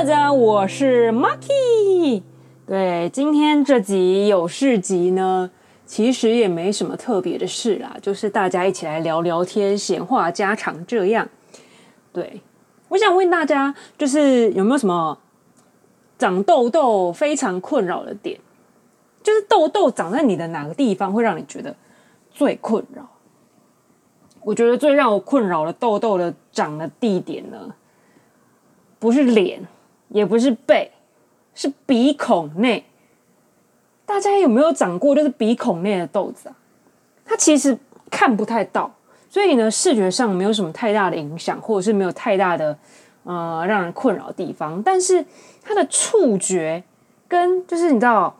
大家，我是 Maki。對，今天這集有事集呢，其實也沒什麼特別的事啦、啊，就是大家一起來聊聊天、閒話家常這樣。對，我想問大家，就是有沒有什麼長痘痘非常困擾的點？就是痘痘長在你的哪個地方會讓你覺得最困擾？我覺得最讓我困擾的痘痘的長的地點呢，不是臉。也不是背，是鼻孔內。大家有沒有長過？就是鼻孔內的痘子啊，它其實看不太到，所以呢，視覺上沒有什麼太大的影響，或者是沒有太大的呃讓人困擾的地方。但是它的觸覺跟就是你知道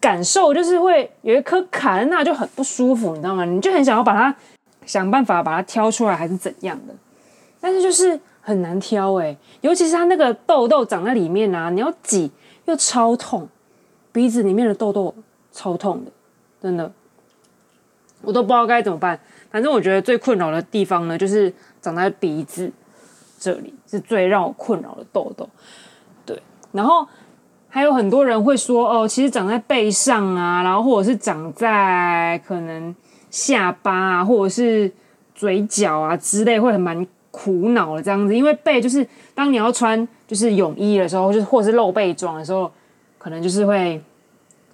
感受，就是會有一顆卡在那就很不舒服，你知道嗎？你就很想要把它想辦法把它挑出來，還是怎樣的？但是就是。很難挑，哎、欸，尤其是它那個痘痘長在裡面啊，你要擠又超痛，鼻子裡面的痘痘超痛的，真的，我都不知道該怎麼辦。反正我覺得最困擾的地方呢，就是長在鼻子這裡是最讓我困擾的痘痘。對，然後還有很多人會說哦，其實長在背上啊，然後或者是長在可能下巴啊，或者是嘴角啊之類，會很蠻。苦惱了這樣子，因為背就是當你要穿就是泳衣的時候，就是或者是露背裝的時候，可能就是會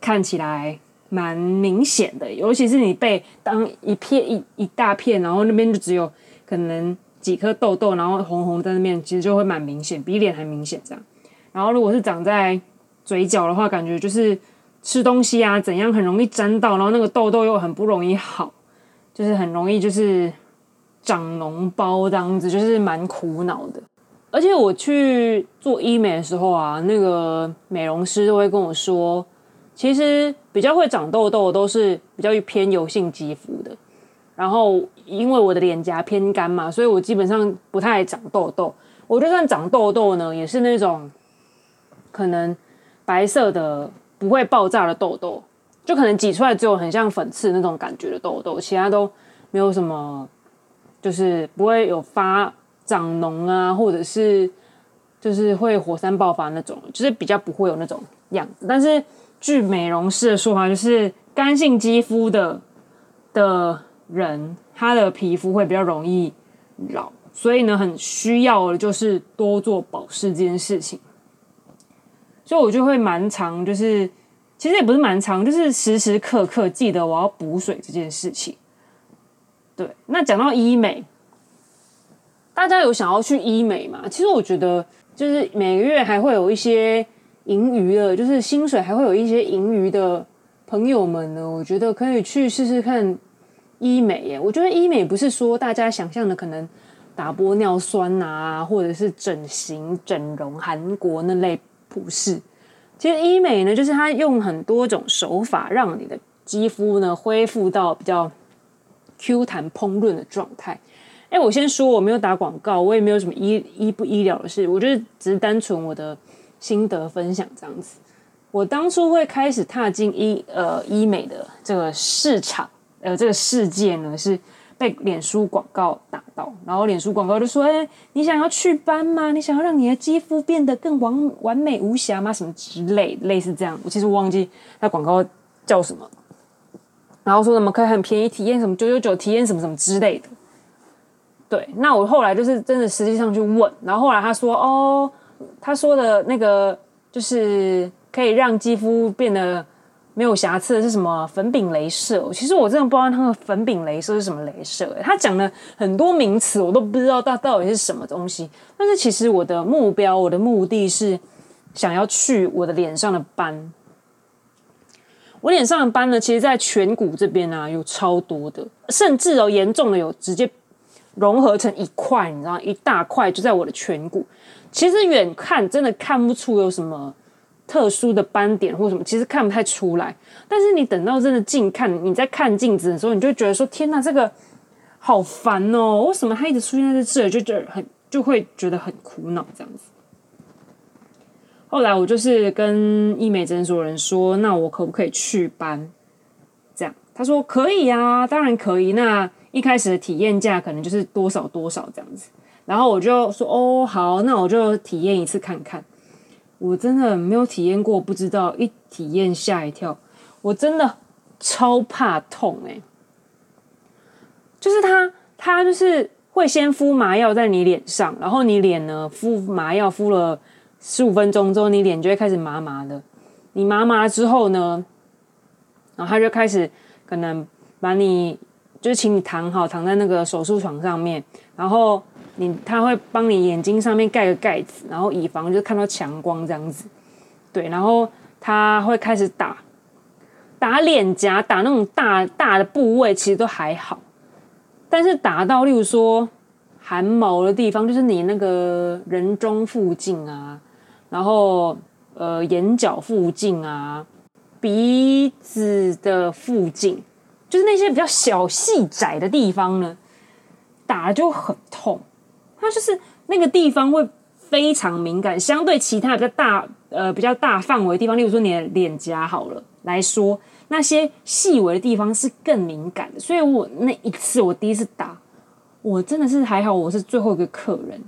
看起來蠻明顯的。尤其是你背當一片一一大片，然後那邊就只有可能幾顆痘痘，然後紅紅在那邊，其實就會蠻明顯，比臉還明顯這樣。然後如果是長在嘴角的話，感覺就是吃東西啊，怎樣很容易沾到，然後那個痘痘又很不容易好，就是很容易就是。長膿包這樣子就是蠻苦惱的，而且我去做醫美的時候啊，那個美容師都會跟我說，其實比較會長痘痘的都是比較偏油性肌膚的。然後因為我的臉頰偏乾嘛，所以我基本上不太愛長痘痘。我就算長痘痘呢，也是那種可能白色的、不會爆炸的痘痘，就可能擠出來只有很像粉刺那種感覺的痘痘，其他都沒有什麼。就是不會有發長膿啊，或者是就是會火山爆發那種，就是比較不會有那種樣子。但是據美容師的說法，就是乾性肌膚的的人，他的皮膚會比較容易老，所以呢，很需要的就是多做保濕這件事情。所以我就會蠻常，就是其實也不是蠻常，就是時時刻刻記得我要補水這件事情。對，那講到醫美，大家有想要去醫美嗎？其實我覺得，就是每個月還會有一些盈餘的，就是薪水還會有一些盈餘的朋友們呢，我覺得可以去試試看醫美耶。我覺得醫美不是說大家想象的可能打玻尿酸啊，或者是整形整容韓國那類，不是。其實醫美呢，就是它用很多種手法讓你的肌膚呢恢復到比較。Q 彈烹飪的狀態，哎、欸，我先說我沒有打廣告，我也沒有什麼醫醫不醫療的事，我就是只是單純我的心得分享這樣子。我當初會開始踏進醫呃醫美的這個市場，呃這個世界呢是被臉書廣告打到，然後臉書廣告就說：“哎、欸，你想要祛斑嗎？你想要讓你的肌膚變得更完完美無瑕嗎？什麼之類類似這樣。”我其實我忘記那廣告叫什麼。然後說什麼可以很便宜體驗什麼九九九體驗什麼什麼之類的，對，那我後來就是真的實際上去問，然後後來他說哦，他說的那個就是可以讓肌膚變得沒有瑕疵的是什麼、啊、粉餅鐳射，其實我真的不知道那個粉餅鐳射是什麼鐳射、欸，他講了很多名詞我都不知道到到底是什麼東西，但是其實我的目標我的目的是想要去我的臉上的斑。我臉上的斑呢，其實，在顴骨這邊呢、啊，有超多的，甚至有、哦、嚴重的，有直接融合成一塊，你知道，一大塊就在我的顴骨。其實遠看真的看不出有什麼特殊的斑點或什麼，其實看不太出來。但是你等到真的近看，你在看鏡子的時候，你就會覺得說：“天吶，這個好煩哦，為什麼他一直出現在這？”就就很就會覺得很苦惱，這樣子。後來我就是跟醫美診所人說：“那我可不可以祛斑？”這樣他說：“可以呀、啊，當然可以。”那一開始的體驗價可能就是多少多少這樣子。然後我就說：“哦，好，那我就體驗一次看看。”我真的沒有體驗過，不知道一體驗嚇一跳。我真的超怕痛哎、欸，就是他，他就是會先敷麻藥在你臉上，然後你臉呢敷麻藥敷了，十五分鐘之後，你臉就會開始麻麻的。你麻麻之後呢，然後他就開始可能把你就是請你躺好，躺在那個手術床上面。然後你他會幫你眼睛上面蓋個蓋子，然後以防就看到強光這樣子。對，然後他會開始打打臉頰，打那種大大的部位，其實都還好。但是打到例如說寒毛的地方，就是你那個人中附近啊。然後，呃，眼角附近啊，鼻子的附近，就是那些比較小細窄的地方呢，打了就很痛。它就是那個地方會非常敏感，相對其他比較大呃比較大範圍的地方，例如說你的臉頰好了來說，那些細微的地方是更敏感的。所以我那一次我第一次打，我真的是還好，我是最後一個客人。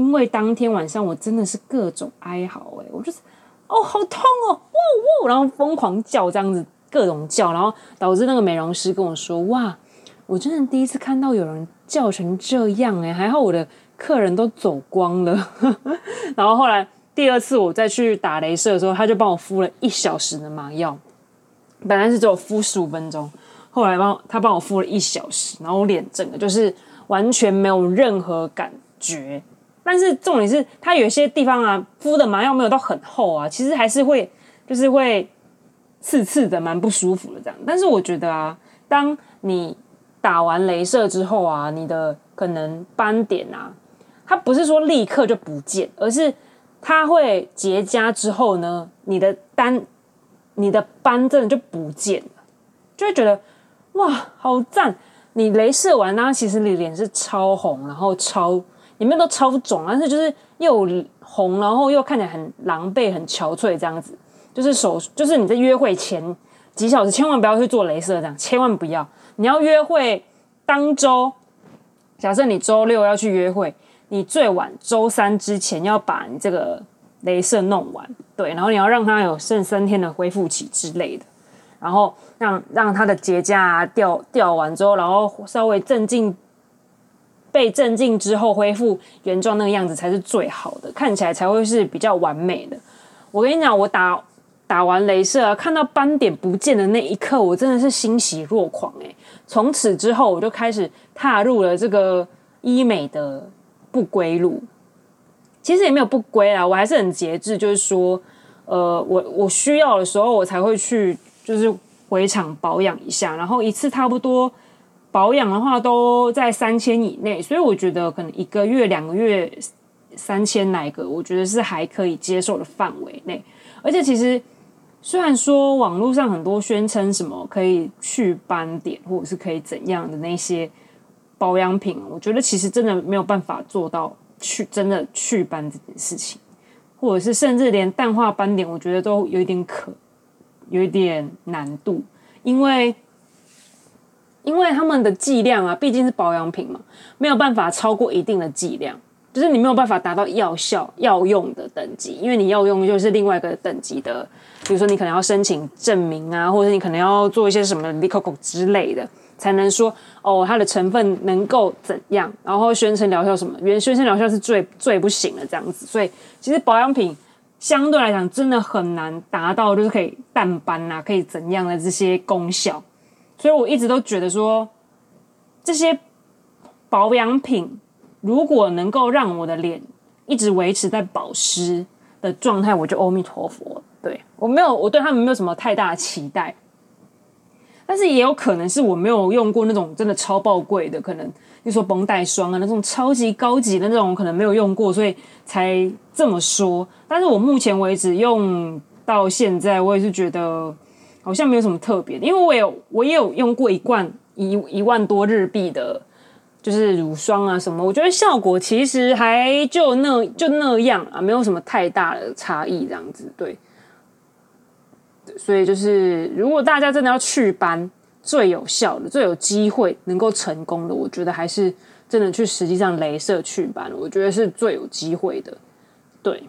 因為當天晚上我真的是各種哀嚎，哎，我就是哦，好痛哦，嗚嗚，然後瘋狂叫這樣子，各種叫，然後導致那個美容師跟我說：“哇，我真的第一次看到有人叫成這樣哎，還好我的客人都走光了。 ”然後後來第二次我再去打雷射的時候，他就幫我敷了一小時的麻藥，本來是只有敷十五分鐘，後來幫他幫我敷了一小時，然後我臉整個就是完全沒有任何感覺。但是重點是，它有些地方啊，敷的麻藥沒有到很厚啊，其實還是會就是會刺刺的，蠻不舒服的這樣。但是我覺得啊，當你打完鐳射之後啊，你的可能斑點啊，它不是說立刻就不見，而是它會結痂之後呢，你的斑、你的斑真的就不見了，就會覺得哇，好讚！你鐳射完、啊，然後其實你臉是超紅，然後超。裡面都超腫，但是就是又紅，然後又看起來很狼狽、很憔悴這樣子。就是手，就是你在約會前幾小時，千萬不要去做雷射，這樣千萬不要。你要約會當周，假設你周六要去約會，你最晚周三之前要把你這個雷射弄完，對，然後你要讓它有剩三天的恢復期之類的，然後讓讓它的結痂掉、啊、掉完之後，然後稍微鎮靜。被鎮靜之後恢復原狀那個樣子才是最好的，看起來才會是比較完美的。我跟你講，我打打完鐳射啊，看到斑點不見的那一刻，我真的是欣喜若狂，欸，從此之後，我就開始踏入了這個醫美的不歸路。其實也沒有不歸啊，我還是很節制，就是說，呃，我我需要的時候我才會去，就是回廠保養一下，然後一次差不多。保養的話都在三千以內，所以我覺得可能一個月、兩個月三千，3000來個我覺得是還可以接受的範圍內。而且其實雖然說網絡上很多宣稱什麼可以祛斑點或者是可以怎樣的那些保養品，我覺得其實真的沒有辦法做到去真的祛斑這件事情，或者是甚至連淡化斑點，我覺得都有一點可有一點難度，因為。因為他們的劑量啊，畢竟是保養品嘛，沒有辦法超過一定的劑量，就是你沒有辦法達到藥效藥用的等級，因為你藥用就是另外一個等級的，比如說你可能要申請證明啊，或者你可能要做一些什麼 licoco 之類的，才能說，哦，它的成分能夠怎樣，然後宣稱療效什麼，原宣稱療效是最最不行的這樣子，所以其實保養品相對來講真的很難達到，就是可以淡斑啊，可以怎樣的這些功效。所以我一直都覺得說，這些保養品如果能夠讓我的臉一直維持在保濕的狀態，我就阿彌陀佛。對，我沒有，我對他們沒有什麼太大的期待。但是也有可能是我沒有用過那種真的超爆貴的，可能就說繃帶霜啊，那種超級高級的那種，可能沒有用過，所以才這麼說。但是我目前為止用到現在，我也是覺得。好像沒有什麼特別的，因為我有我也有用過一罐一一萬多日幣的，就是乳霜啊什麼，我覺得效果其實還就那就那樣啊，沒有什麼太大的差異這樣子對，對。所以就是如果大家真的要祛斑，最有效的、最有機會能夠成功的，我覺得還是真的去實際上鐳射祛斑，我覺得是最有機會的。對，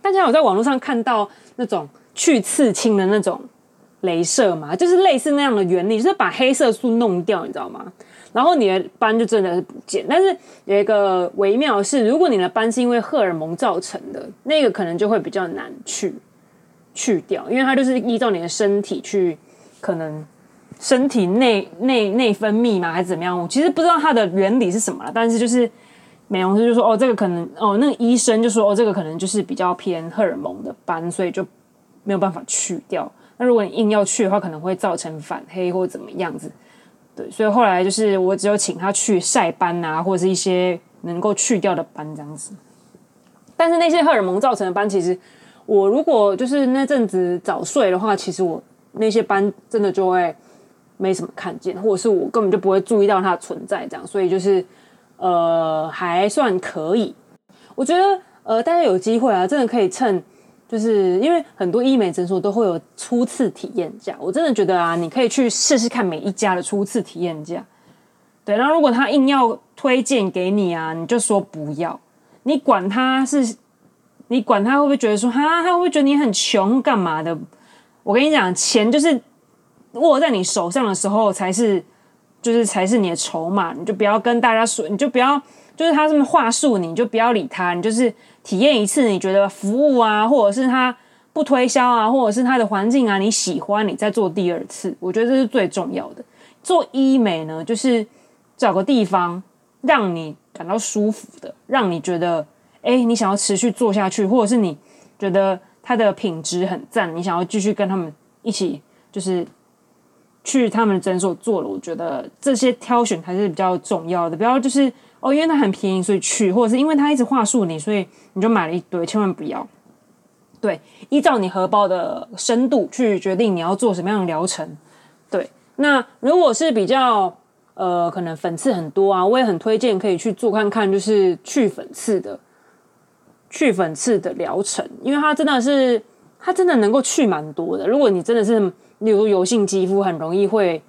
大家有在網絡上看到那種。去刺青的那種雷射嘛，就是類似那樣的原理，就是把黑色素弄掉，你知道嗎？然後你的斑就真的是不見。但是有一個微妙是，如果你的斑是因為荷爾蒙造成的，那個可能就會比較難去去掉，因為它就是依照你的身體去，可能身體內內內分泌嘛，還是怎麼樣？我其實不知道它的原理是什麼了。但是就是美容師就說哦，這個可能哦，那個醫生就說哦，這個可能就是比較偏荷爾蒙的斑，所以就。沒有辦法去掉。那如果你硬要去的話，可能會造成反黑，或者怎麼樣子。對，所以後來就是我只有請他去曬斑啊，或者是一些能夠去掉的斑這樣子。但是那些荷爾蒙造成的斑，其實我如果就是那陣子早睡的話，其實我那些斑真的就會沒什麼看見，或者是我根本就不會注意到它存在這樣。所以就是呃，還算可以。我覺得呃，大家有機會啊，真的可以趁。就是因為很多醫美診所都會有初次體驗價，我真的覺得啊，你可以去試試看每一家的初次體驗價。對，然後如果他硬要推薦給你啊，你就說不要，你管他是，你管他會不會覺得說他他會不會覺得你很窮幹嘛的？我跟你講，錢就是握在你手上的時候才是，就是才是你的籌碼。你就不要跟大家說，你就不要，就是他什麼話術，你就不要理他，你就是。體驗一次，你覺得服務啊，或者是他不推銷啊，或者是他的環境啊，你喜歡，你再做第二次。我覺得這是最重要的。做醫美呢，就是找個地方讓你感到舒服的，讓你覺得，欸，你想要持續做下去，或者是你覺得它的品質很讚，你想要繼續跟他們一起，就是去他們的診所做了。我覺得這些挑選還是比較重要的，不要就是。哦，因為它很便宜，所以去，或者是因為它一直話術你，所以你就買了一堆，千萬不要。對，依照你荷包的深度去決定你要做什麼樣的療程。對，那如果是比較呃，可能粉刺很多啊，我也很推薦可以去做看看，就是去粉刺的，去粉刺的療程，因為它真的是，它真的能夠去蠻多的。如果你真的是，例如說油性肌膚，很容易會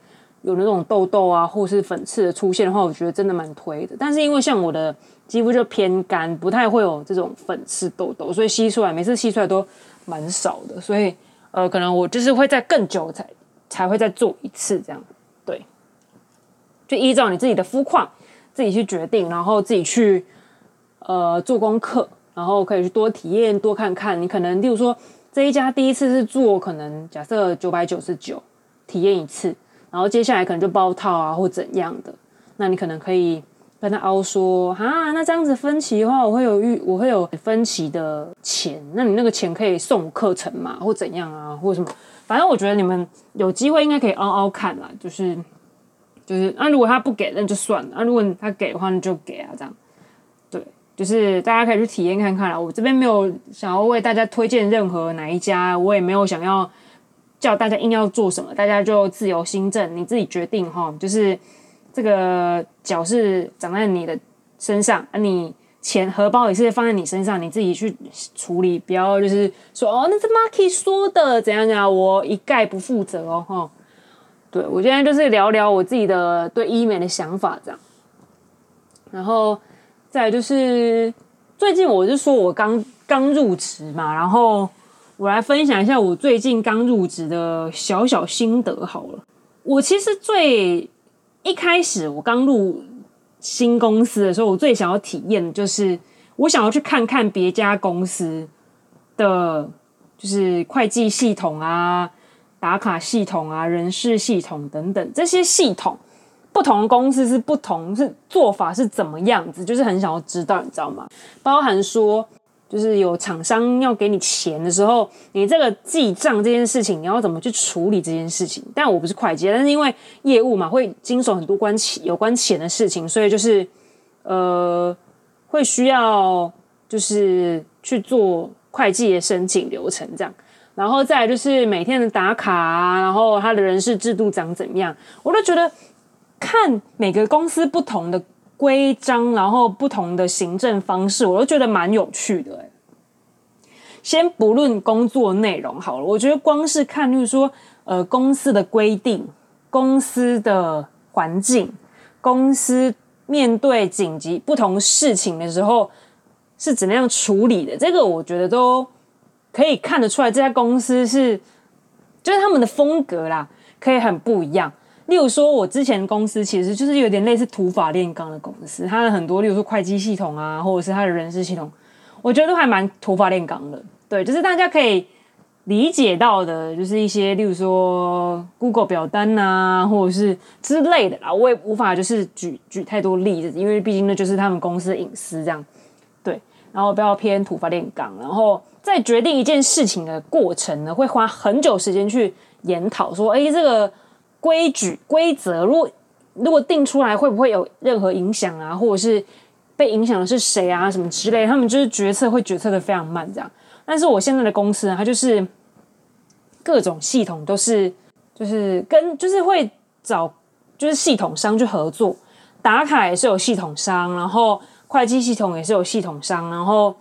有那種痘痘啊，或是粉刺的出現的話，我覺得真的蠻推的。但是因為像我的肌膚就偏乾，不太會有這種粉刺痘痘，所以吸出來每次吸出來都蠻少的。所以呃，可能我就是會在更久才才會再做一次這樣。對，就依照你自己的膚況自己去決定，然後自己去呃做功課，然後可以去多體驗多看看。你可能例如說這一家第一次是做可能假設九百九十九體驗一次。然後接下來可能就包套啊，或怎樣的，那你可能可以跟他凹說啊，那這樣子分期的話，我會有預，我會有分期的錢，那你那個錢可以送課程嘛，或怎樣啊，或什麼，反正我覺得你們有機會應該可以凹凹看啦。就是就是，那、啊、如果他不給，那就算了；那、啊、如果他給的話，你就給啊，這樣。對，就是大家可以去體驗看看啦。我這邊沒有想要為大家推薦任何哪一家，我也沒有想要。叫大家硬要做什麼，大家就自由心證，你自己決定哈。就是這個腳是長在你的身上，你錢荷包也是放在你身上，你自己去處理，不要就是說哦，那是 Marky 說的，怎樣怎樣，我一概不負責哦。哈，對我現在就是聊聊我自己的對醫美的想法，這樣，然後再就是最近我是說我剛剛入職嘛，然後。我來分享一下我最近剛入職的小小心得好了。我其實最一開始我剛入新公司的時候，我最想要體驗的就是我想要去看看別家公司的就是會計系統啊、打卡系統啊、人事系統等等這些系統，不同的公司是不同是做法是怎麼樣子，就是很想要知道，你知道嗎？包含說。就是有廠商要給你錢的時候，你這個記賬這件事情，你要怎麼去處理這件事情？但我不是會計，但是因為業務嘛，會經手很多關錢有關錢的事情，所以就是呃，會需要就是去做會計的申請流程這樣，然後再來就是每天的打卡，然後他的人事制度長怎麼樣，我都覺得看每個公司不同的。規章，然後不同的行政方式，我都覺得蠻有趣的。先不論工作內容好了，我覺得光是看，就是說，呃，公司的規定、公司的環境、公司面對緊急不同事情的時候是怎麼樣處理的，這個我覺得都可以看得出來，這家公司是就是他們的風格啦，可以很不一樣。例如說，我之前的公司其實就是有點類似土法煉鋼的公司，它的很多，例如說會計系統啊，或者是它的人事系統，我覺得都還蠻土法煉鋼的。對，就是大家可以理解到的，就是一些例如說 Google 表單啊，或者是之類的啦。我也無法就是舉舉太多例子，因為畢竟那就是他們公司的隱私這樣。對，然後不要偏土法煉鋼，然後在決定一件事情的過程呢，會花很久時間去研討，說，哎，這個。規矩規則，如果如果定出來，會不會有任何影響啊？或者是被影響的是誰啊？什麼之類？他們就是決策會決策的非常慢，這樣。但是我現在的公司呢，它就是各種系統都是，就是跟就是會找就是系統商去合作，打卡也是有系統商，然後會計系統也是有系統商，然後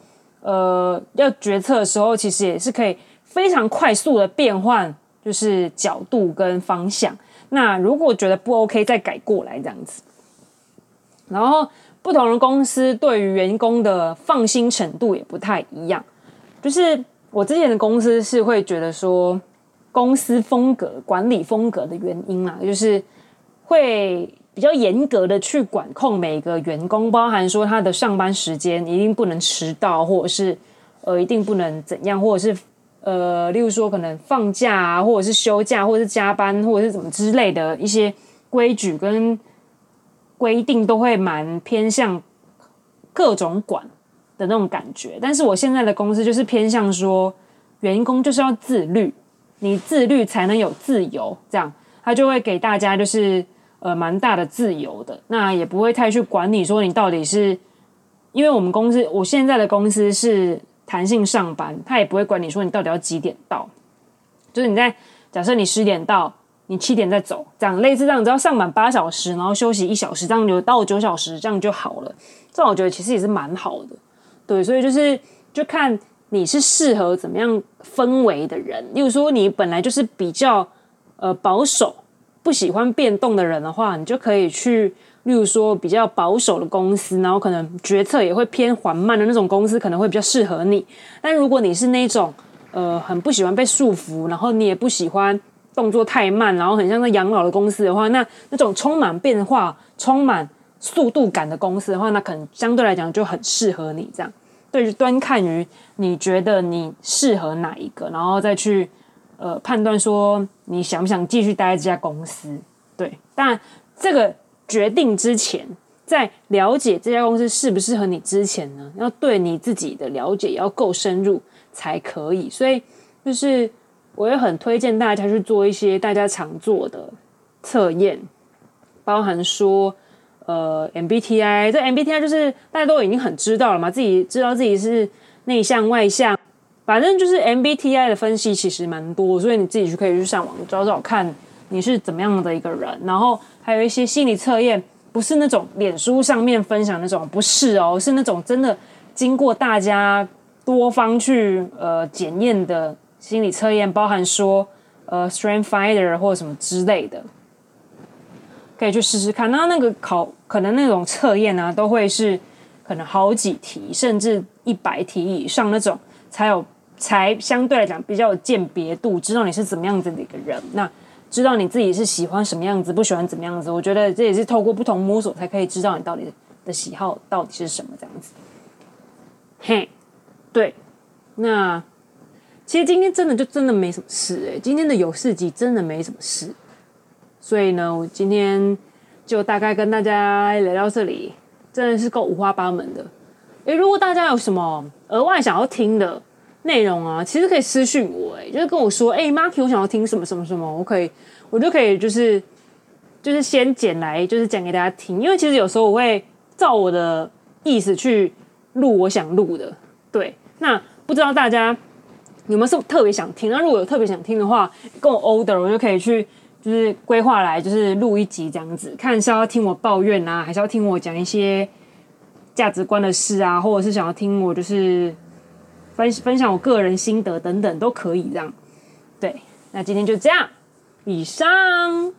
呃，要決策的時候，其實也是可以非常快速的變換，就是角度跟方向。那如果覺得不 OK，再改過來這樣子。然後，不同的公司對於員工的放心程度也不太一樣。就是我之前的公司是會覺得說，公司風格、管理風格的原因嘛，啊，就是會比較嚴格的去管控每個員工，包含說他的上班時間一定不能遲到，或者是呃一定不能怎樣，或者是。呃，例如說，可能放假啊，或者是休假，或者是加班，或者是怎麼之類的一些規矩跟規定，都會蠻偏向各種管的那種感覺。但是我現在的公司就是偏向說，員工就是要自律，你自律才能有自由。這樣，他就會給大家就是呃蠻大的自由的，那也不會太去管你說你到底是因為我們公司，我現在的公司是。彈性上班，他也不會管你說你到底要幾點到，就是你在假設你十點到，你七點再走，這樣類似這樣，只要上滿八小時，然後休息一小時，這樣就到九小時，這樣就好了。這樣我覺得其實也是蠻好的，對，所以就是就看你是適合怎麼樣氛圍的人。例如說你本來就是比較呃保守、不喜歡變動的人的話，你就可以去。例如說，比較保守的公司，然後可能決策也會偏緩慢的那種公司，可能會比較適合你。但如果你是那種呃，很不喜歡被束縛，然後你也不喜歡動作太慢，然後很像在養老的公司的話，那那種充滿變化、充滿速度感的公司的話，那可能相對來講就很適合你。這樣，對於，端看於你覺得你適合哪一個，然後再去呃判斷說你想不想繼續待在這家公司。對，但這個。決定之前，在了解這家公司適不適合你之前呢，要對你自己的了解要夠深入才可以。所以，就是我也很推薦大家去做一些大家常做的測驗，包含說呃 MBTI，這 MBTI 就是大家都已經很知道了嘛，自己知道自己是內向外向，反正就是 MBTI 的分析其實蠻多，所以你自己去可以去上網找找看。你是怎麼樣的一個人？然後還有一些心理測驗，不是那種臉書上面分享那種，不是哦，是那種真的經過大家多方去呃檢驗的心理測驗，包含說呃 StrengthsFinder 或者什麼之類的，可以去試試看。那那個考可能那種測驗呢、啊，都會是可能好幾題，甚至一百題以上那種，才有才相對來講比較有鑑別度，知道你是怎麼樣子的一個人。那知道你自己是喜歡什麼樣子，不喜歡怎麼樣子？我覺得這也是透過不同摸索才可以知道你到底的喜好到底是什麼這樣子。嘿，對，那其實今天真的就真的沒什麼事哎，今天的有事集真的沒什麼事，所以呢，我今天就大概跟大家聊到這裡，真的是夠五花八門的。哎，如果大家有什麼額外想要聽的內容啊，其實可以私訊我。就是跟我說，哎，欸，Marky，我想要聽什麼什麼什麼，我可以，我就可以就是就是先剪來，就是講給大家聽。因為其實有時候我會照我的意思去錄我想錄的。對，那不知道大家有沒有什麼特別想聽？那如果有特別想聽的話，跟我 order，我就可以去就是規劃來，就是錄一集這樣子。看是要聽我抱怨啊，還是要聽我講一些價值觀的事啊，或者是想要聽我就是。分分享我個人心得等等都可以，這樣，對，那今天就這樣，以上。